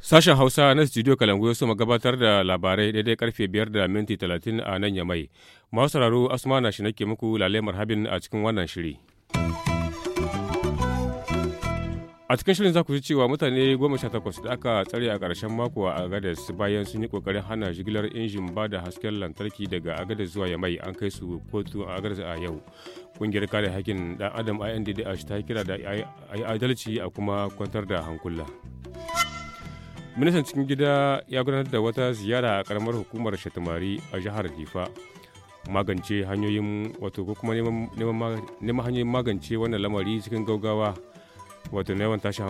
Sashen Hausa na Studio Kalangu ya soma gabatar da labarai daidai karfe biyar da minti talatin a nan yamai. Masu sauraro Asma na shi nake muku lalemar habin a cikin wannan shiri. a cikin shirin za ku ji cewa mutane goma sha takwas da aka tsare a ƙarshen mako a agadas bayan sun yi ƙoƙarin hana jigilar injin ba da hasken lantarki daga agadas zuwa yamai an kai su kotu a agadas a yau ƙungiyar kare hakkin ɗan adam indh ta kira da a yi adalci a kuma kwantar da hankula ministan cikin gida ya gudanar da wata ziyara a ƙaramar hukumar shatamari a jihar difa magance hanyoyin wato ko kuma neman hanyoyin magance wannan lamari cikin gaugawa wato na yawan tashin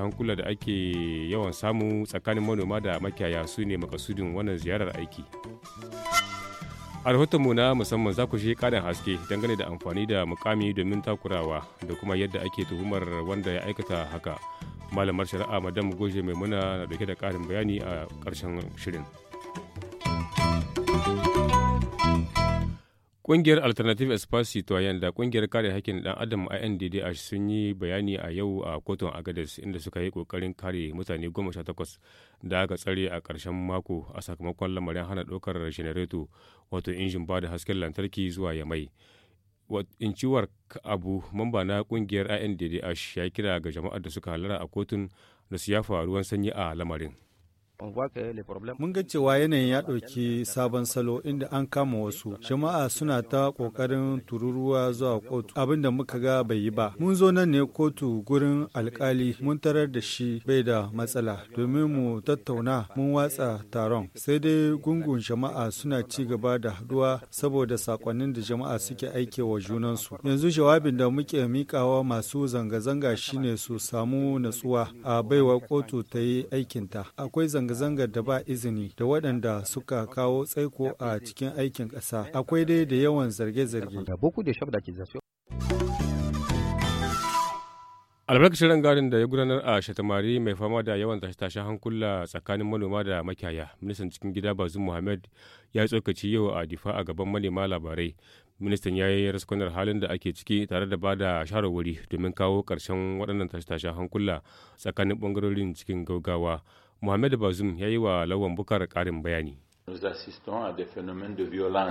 hankula da ake yawan samu tsakanin manoma da makiyaya su ne makasudin wannan ziyarar aiki a rahotonmu na musamman za ku shi ƙarin haske dangane da amfani da mukami domin takurawa da kuma yadda ake tuhumar wanda ya aikata haka malamar shari'a madam goje maimuna na dauke da ƙarin bayani a karshen shirin Ƙungiyar Alternative Espace Citoyen da ƙungiyar kare hakkin ɗan Adam INDDH sun yi bayani a yau a kotun Agadez inda suka yi ƙoƙarin kare mutane goma sha takwas da aka tsare a ƙarshen mako a sakamakon lamarin hana ɗaukar generator wato injin ba da hasken lantarki zuwa yamai. Inciwar Abu, mamba na ƙungiyar INDDH ya kira ga jama'ar da suka halara a kotun da su yafa ruwan sanyi a lamarin. Mun ga cewa yanayin ya ɗauki sabon salo inda an kama wasu. Jama'a suna ta ƙoƙarin tururuwa zuwa kotu. Abin da muka ga bai yi ba. Mun zo nan ne kotu gurin alkali mun tarar da shi bai da matsala domin mu tattauna mun watsa taron. Sai dai gungun jama'a suna ci gaba da haduwa saboda sakonnin da jama'a suke aike wa junansu. Yanzu jawabin da muke miƙawa masu zanga-zanga shine su samu natsuwa a baiwa kotu ta yi aikinta. Akwai zanga zanga-zangar da ba izini da waɗanda suka kawo tsaiko a cikin aikin ƙasa. Akwai dai da yawan zarge-zarge. albarkacin rangadin da ya gudanar a shatamari mai fama da yawan tashe-tashen hankula tsakanin manoma da makiyaya ministan cikin gida bazin muhammad ya yi tsokaci yau a difa a gaban manema labarai ministan ya yi raskunar halin da ake ciki tare da bada shawarwari domin kawo karshen waɗannan tashe-tashen hankula tsakanin ɓangarorin cikin gaugawa Muhammad Bazum ya yi wa Lawan Bukar ƙarin bayani.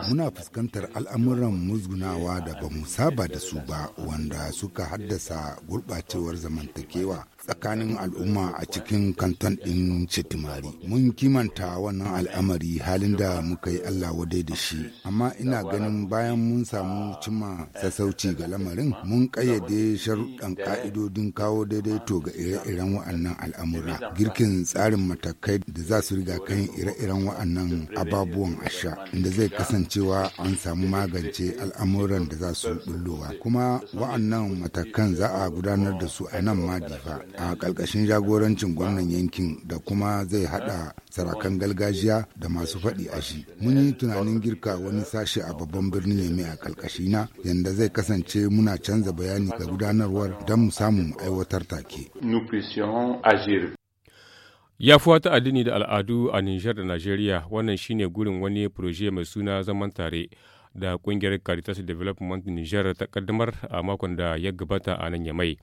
Muna fuskantar al'amuran musgunawa da ba mu saba da su ba wanda suka haddasa gurɓacewar zamantakewa tsakanin al'umma a cikin kanton ɗin Chitimari. Mun kimanta wannan al'amari halin da muka yi Allah wadai da shi, amma ina ganin bayan mun samu cimma sassauci ga lamarin mun ƙayyade sharuɗan ƙa'idodin kawo daidaito ga ire-iren wa'annan al'amura. Girkin tsarin matakai da za su riga kan ire-iren wa'annan ababuwan asha, inda zai kasancewa an samu magance al'amuran da za su bullowa. Kuma wa'annan matakan za a gudanar da su a nan ma difa a ƙarƙashin jagorancin gwamnan yankin da kuma zai haɗa sarakan gargajiya da masu faɗi a shi. Mun yi tunanin girka wani sashe a babban birnin Yame a na yanda zai kasance muna canza bayani ga gudanarwar don mu samu aiwatar take. fi wata addini da al'adu a Nijar da Najeriya wannan shine gurin wani proje mai suna zaman tare da kungiyar Caritas Development Nijar ta kaddamar a makon da ya gabata a nan ya mai.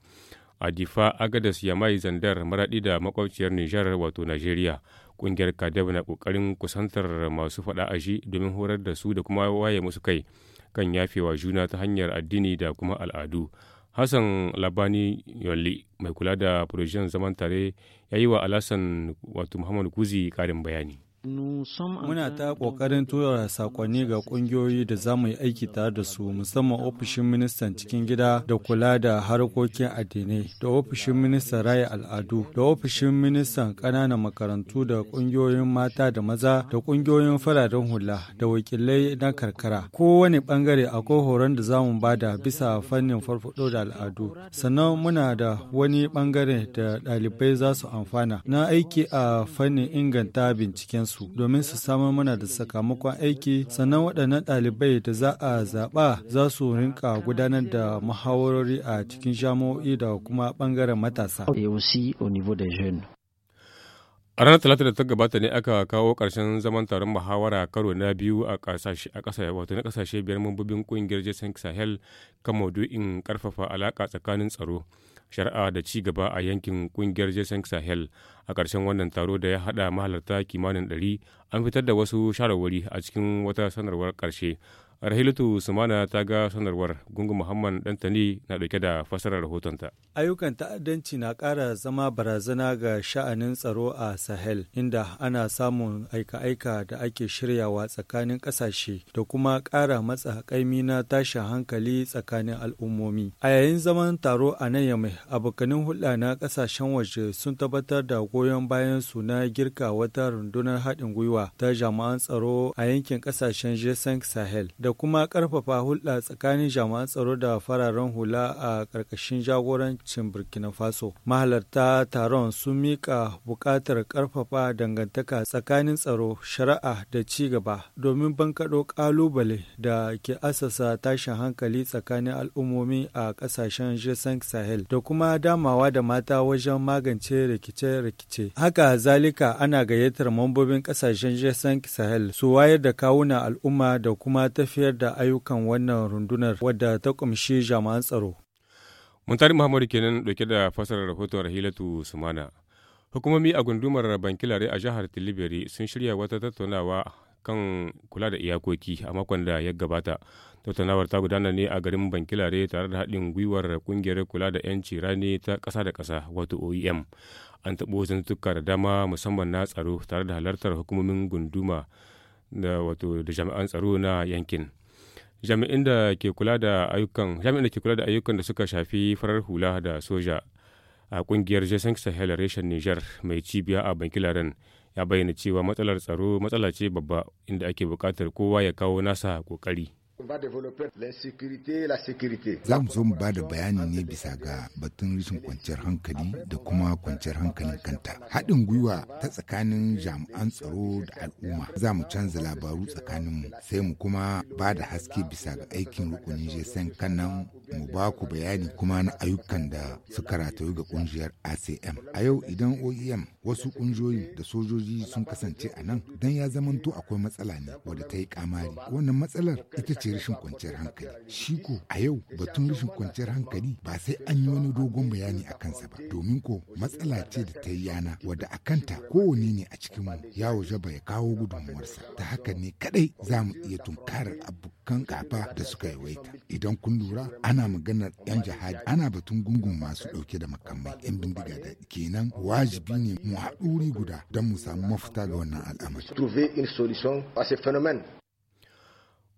Adifa, Agadas, Yamai, Zandar, Maraɗi da makwabciyar Nijar wato Najeriya. Ƙungiyar Kadab na ƙoƙarin kusantar masu faɗa a shi domin horar da su da kuma waye musu kai kan yafewa juna ta hanyar addini da kuma al'adu. Hassan Labani Yoli mai kula da projen zaman tare ya yi wa Alasan wato Muhammadu Kuzi ƙarin bayani. Muna ta ƙoƙarin tura sakonni ga ƙungiyoyi da za mu yi aiki tare da su musamman ofishin ministan cikin gida da kula da harkokin addinai da ofishin ministan raya al'adu da ofishin ministan ƙananan makarantu da ƙungiyoyin mata da maza da ƙungiyoyin fararen hula da wakilai na karkara. Kowane ɓangare akwai horon da za mu bada bisa fannin farfaɗo da al'adu. Sannan muna da wani ɓangare da ɗalibai za su amfana na aiki a fannin inganta bincikensu. su domin su samar mana da sakamakon aiki sannan waɗannan ɗalibai da za a zaɓa za su rinka gudanar da muhawarori a cikin jami'o'i da kuma ɓangaren matasa. A ranar Talata da ta gabata ne aka kawo ƙarshen zaman taron muhawara karo na biyu a ƙasashe wato na ƙasashe biyar mambobin ƙungiyar Jason Sahel kan maudu'in ƙarfafa alaƙa tsakanin tsaro. shari'a da ci gaba a yankin kungiyar jason sahel a ƙarshen wannan taro da ya haɗa mahalarta kimanin 100 an fitar da wasu shawarwari a cikin wata sanarwar ƙarshe Arhilatu Sumana ta ga sanarwar Gungun Muhammad Dantani na dauke da fasarar rahotonta. Ayyukan ta'addanci na ƙara zama barazana ga sha'anin tsaro a Sahel, inda ana samun aika-aika da ake shiryawa tsakanin ƙasashe da kuma ƙara matsa ƙaimi na tashin hankali tsakanin al'ummomi. A yayin zaman taro a nan yamai, abokanin hulɗa na ƙasashen waje sun tabbatar da goyon bayan su na girka wata rundunar haɗin gwiwa ta jami'an tsaro a yankin ƙasashen G5 Sahel da da kuma ƙarfafa hulɗa tsakanin jami'an tsaro da fararen hula a ƙarƙashin jagorancin burkina faso mahalarta taron sun miƙa buƙatar ƙarfafa dangantaka tsakanin tsaro shari'a da ci gaba domin bankaɗo ƙalubale da ke asasa tashin hankali tsakanin al'ummomi a ƙasashen jason sahel da kuma damawa da mata wajen magance rikice-rikice haka zalika ana gayyatar mambobin ƙasashen jason sahel su wayar da kawuna al'umma da kuma tafiya tafiyar da ayyukan wannan rundunar wadda ta kumshi jami'an tsaro. Muntari Muhammadu kenan dauke da fasarar rahoton Rahilatu Sumana. Hukumomi a gundumar Bankilare a jihar Tilibiri sun shirya wata tattaunawa kan kula da iyakoki a makon da ya gabata. Tattaunawar ta gudana ne a garin Bankilare tare da haɗin gwiwar kungiyar kula da 'yanci rani ta ƙasa da ƙasa wato OEM. An taɓo zantuka da dama musamman na tsaro tare da halartar hukumomin gunduma da wato da jami'an tsaro na yankin jami'in da ke kula da ayyukan jami'in da ke kula da ayyukan da suka shafi farar hula da soja a kungiyar jason sahel reshen niger mai cibiya a bankilaren ya bayyana cewa matsalar tsaro matsala ce babba inda ake bukatar kowa ya kawo nasa kokari. Za mu zo mu ba da bayani ne bisa ga batun rashin kwanciyar hankali da kuma kwanciyar hankalin kanta. Haɗin gwiwa ta tsakanin jami'an tsaro da al'umma za mu canza labaru tsakaninmu sai mu kuma ba da haske bisa ga aikin rukunin jesen kan nan mu ba ku bayani kuma na ayyukan da suka ratayu ga kungiyar acm a yau idan oem wasu kungiyoyi da sojoji sun kasance a nan don ya zamanto akwai matsala ne wadda ta yi kamari wannan matsalar ita ce rashin kwanciyar hankali shi ko a yau batun rashin kwanciyar hankali ba sai an yi wani dogon bayani a kansa ba domin ko matsala ce da ta yi yana wadda a kanta kowane ne a cikin mu ya ba ya kawo gudunmuwarsa ta haka ne kadai za mu iya tunkarar abokan gaba da suka yawaita idan kun lura ana ana maganar 'yan jihadi ana batun gungun masu dauke da makamai 'yan bindiga da kenan wajibi ne mu haɗuri guda don mu samu mafita ga wannan al'amari.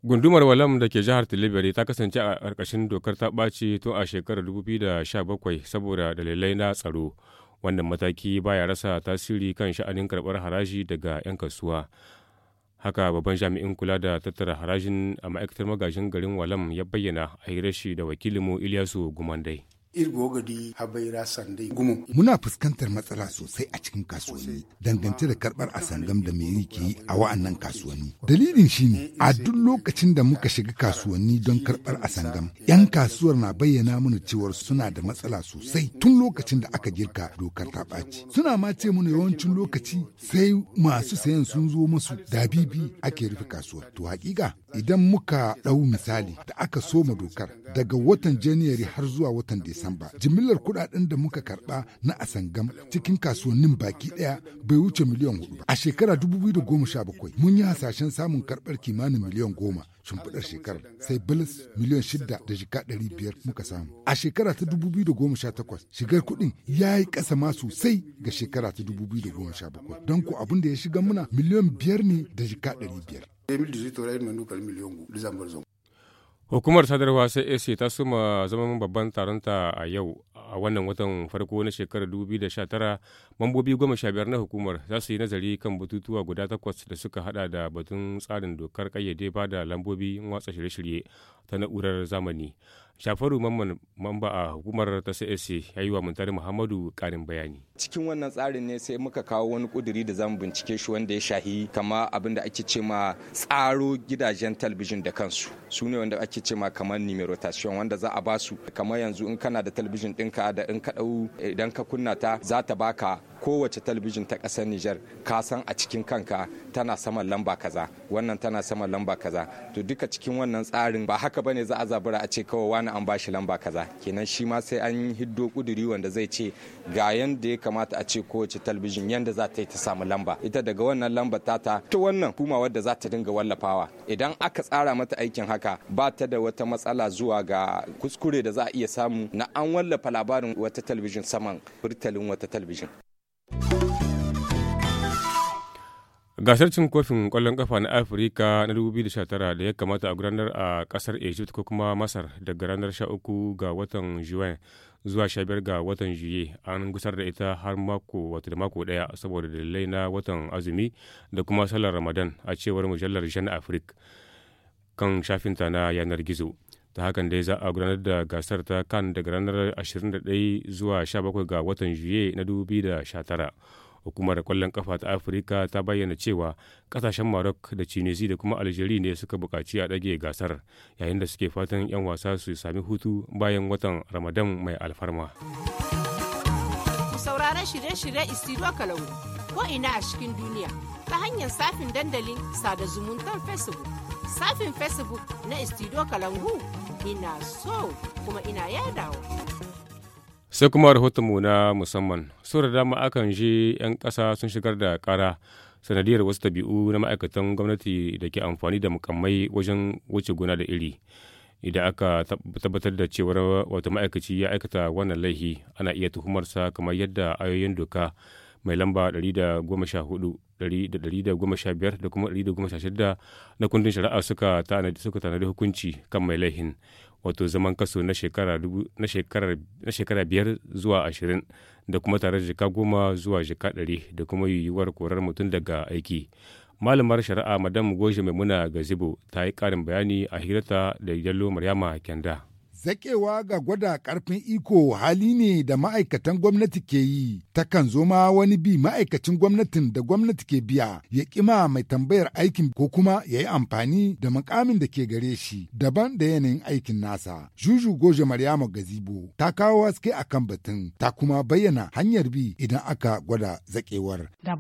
Gundumar Walam da ke jihar Tilibiri ta kasance a ƙarƙashin dokar ta ɓaci tun a shekarar da bakwai saboda dalilai na tsaro. Wannan mataki baya rasa tasiri kan sha'anin karɓar haraji daga 'yan kasuwa. haka babban jami'in kula da tattara harajin a ma'aikatar magajin garin walam ya bayyana a rashi da wakilinmu iliyasu gumandai habaira Muna fuskantar matsala sosai a cikin kasuwanni dangance da karɓar asangam da me ke yi a wa'annan kasuwanni. Dalilin shine a duk lokacin da muka shiga kasuwanni don karɓar asangam, 'yan kasuwar na bayyana mana cewar suna da matsala sosai tun lokacin da aka girka dokar ta ɓaci. Suna ma ce mana yawancin lokaci sai masu sayan sun zo musu dabibi ake rufe kasuwar. To hakika idan muka ɗau misali da aka soma dokar daga watan Janairu har zuwa watan Disamba. Disamba. Jimillar kudaden da muka karba na Asangam cikin kasuwannin baki daya bai wuce miliyan hudu ba. A shekara 2017 mun yi hasashen samun karbar kimanin miliyan goma. shimfiɗar shekarar sai bilis miliyan shida da jika ɗari biyar muka samu a shekara ta dubu biyu da goma sha takwas shigar kuɗin ya yi ƙasa ma sosai ga shekara ta dubu biyu da goma sha bakwai don ko abin da ya shiga muna miliyan biyar ne da jika ɗari biyar. Hukumar sadarwa CAC ta suma zaman babban taronta a yau a wannan watan farko na shekarar tara mambobi goma sha biyar na hukumar za su yi nazari kan batutuwa guda takwas da suka hada da batun tsarin dokar kayyade ba da lambobin watsa shirye-shirye ta na'urar zamani. shafaru mamman mamba a hukumar ta csc ya yi wa muntari muhammadu karin bayani cikin wannan tsarin ne sai muka kawo wani kuduri da zamu bincike shi wanda ya shahi kama abin da ake ce ma tsaro gidajen talbijin da kansu su ne wanda ake ce ma kamar numerotation wanda za a basu su kamar yanzu in kana da talabijin ɗinka da in ka ɗau idan ka kunna ta za ta baka kowace talabijin ta ƙasar Nijar ka san a cikin kanka tana saman lamba kaza wannan tana saman lamba kaza to duka cikin wannan tsarin ba haka bane za a zabura a ce kawai wani an bashi lamba kaza kenan shi ma sai an hiddo kuduri wanda zai ce ga yanda ya kamata a ce kowace talabijin yanda za ta yi ta samu lamba ita daga wannan lamba ta ta wannan kuma wadda za ta dinga wallafawa idan aka tsara mata aikin haka ba ta da wata matsala zuwa ga kuskure da za a iya samu na an wallafa labarin wata talabijin saman burtalin wata talabijin gasar cin kofin kwallon kafa na afirka na 2019 da ya kamata a gudanar a kasar egypt ko kuma masar daga ranar 13 ga watan juin zuwa 15 ga watan juye an gusar da ita har mako wata da mako daya saboda dalilai na watan azumi da kuma sallar ramadan a cewar mujallar jan afirka kan shafinta na yanar gizo ta hakan dai za a gudanar da gasar ta kan daga ranar 21 zuwa 17 ga watan juye na 2019 Hukumar kwallon kafa ta Afirka ta bayyana cewa kasashen Maroc da Tunisia da kuma Algeria ne suka bukaci a ɗage gasar yayin da suke fatan 'yan wasa su sami hutu bayan watan Ramadan mai alfarma. Sauraron shirye-shirye Istiro Kalau ko ina a cikin duniya ta hanyar safin dandalin sada zumuntar Facebook. Safin Facebook na Istiro Kalangu ina so kuma ina yadawa. sai kuma mu na musamman sau da dama akan je 'yan ƙasa sun shigar da kara sanadiyar wasu tabi'u na ma'aikatan gwamnati da ke amfani da mukammai wajen wuce gona da iri idan aka tabbatar da cewa wata ma'aikaci ya aikata wannan laihi ana iya tuhumarsa kamar yadda ayoyin doka mai lamba 114 da kuma 116 na kundin shari'a suka tanadi hukunci kan mai laihin wato zaman kaso na shekara biyar zuwa ashirin da kuma tare da jika goma zuwa jika ɗari da kuma yiwuwar korar mutum daga aiki malamar shari'a madam goje maimuna gazibo ta yi ƙarin bayani a hirata da yallo maryama kenda. Zaƙewa ga gwada karfin iko hali ne da ma'aikatan gwamnati ke yi, takan zo ma wani bi ma'aikacin gwamnatin da gwamnati ke biya ya ƙima mai tambayar aikin ko kuma ya yi amfani da mukamin da ke gare shi daban da yanayin aikin nasa. Juju Goje Maryamu Gazibo ta kawo haske a kan batun ta kuma bayyana hanyar bi idan aka gwada zaƙewar. Da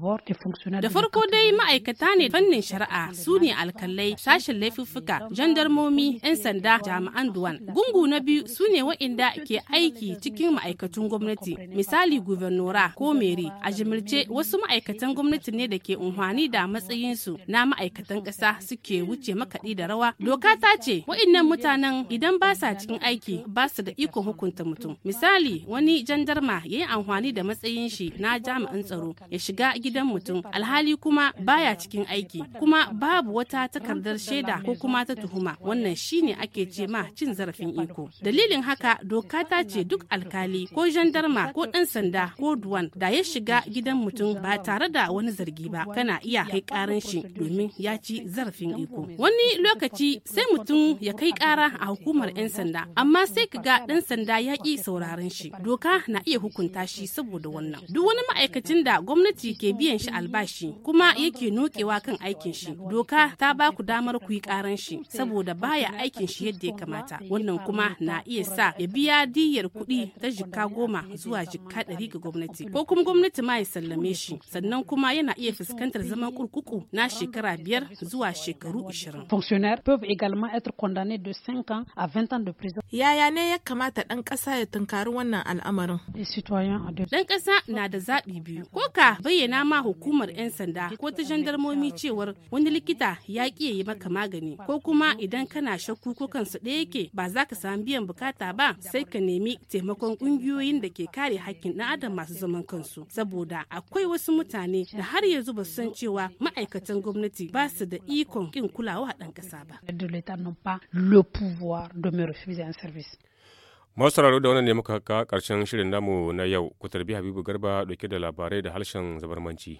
farko dai ma'aikata ne fannin shari'a su ne alkalai sashen laifuffuka jandarmomi 'yan sanda jami'an duwan gungu na na biyu su ne waɗanda ke aiki cikin ma'aikatun gwamnati misali guvernora ko mere a jimirce wasu ma'aikatan gwamnati ne da ke unhwani da matsayinsu na ma'aikatan ƙasa suke wuce makaɗi da rawa doka ta ce waɗannan mutanen idan ba sa cikin aiki ba su da ikon hukunta mutum misali wani jandarma ya yi amfani da matsayin shi na jami'an tsaro ya shiga gidan mutum alhali kuma baya cikin aiki kuma babu wata takardar shaida ko kuma ta tuhuma wannan shine ake ce ma cin zarafin iko Dalilin haka doka ta ce duk alkali ko jandarma ko ɗan sanda ko duwan da ya shiga gidan mutum ba tare da wani zargi ba kana iya kai karan shi domin ya ci zarafin iko. Wani lokaci sai mutum ya kai kara a hukumar 'yan sanda amma sai ka ga ɗan sanda ya ƙi sauraron shi. Doka na iya hukunta shi saboda wannan. Duk wani ma'aikacin da gwamnati ke biyan shi albashi kuma yake nokewa kan aikin shi doka ta ba ku damar ku yi karan shi saboda baya aikin shi yadda ya kamata wannan kuma goma na iya sa ya biya diyyar kuɗi ta jika goma zuwa jika ɗari ga gwamnati ko kuma gwamnati ma ya sallame shi sannan kuma yana iya fuskantar zaman kurkuku na shekara biyar zuwa shekaru ashirin. Yaya ne ya kamata ɗan ƙasa ya tunkari wannan al'amarin? Ɗan ƙasa na da zaɓi biyu. Ko ka bayyana ma hukumar 'yan sanda ko ta jandarmomi cewar wani likita ya ƙi yi maka magani ko kuma idan kana shakku ko kansu ɗaya yake ba za ka samu an biyan bukata ba sai ka nemi taimakon kungiyoyin da ke kare hakkin dan adam masu zaman kansu saboda akwai wasu mutane da har yanzu ba san cewa ma'aikatan gwamnati ba su da ikon kin kulawa a ɗan kasa ba. Masu sauraro da wannan ne muka karshen shirin namu na yau, ku tarbi Habibu Garba dauke da labarai da harshen zabarmanci.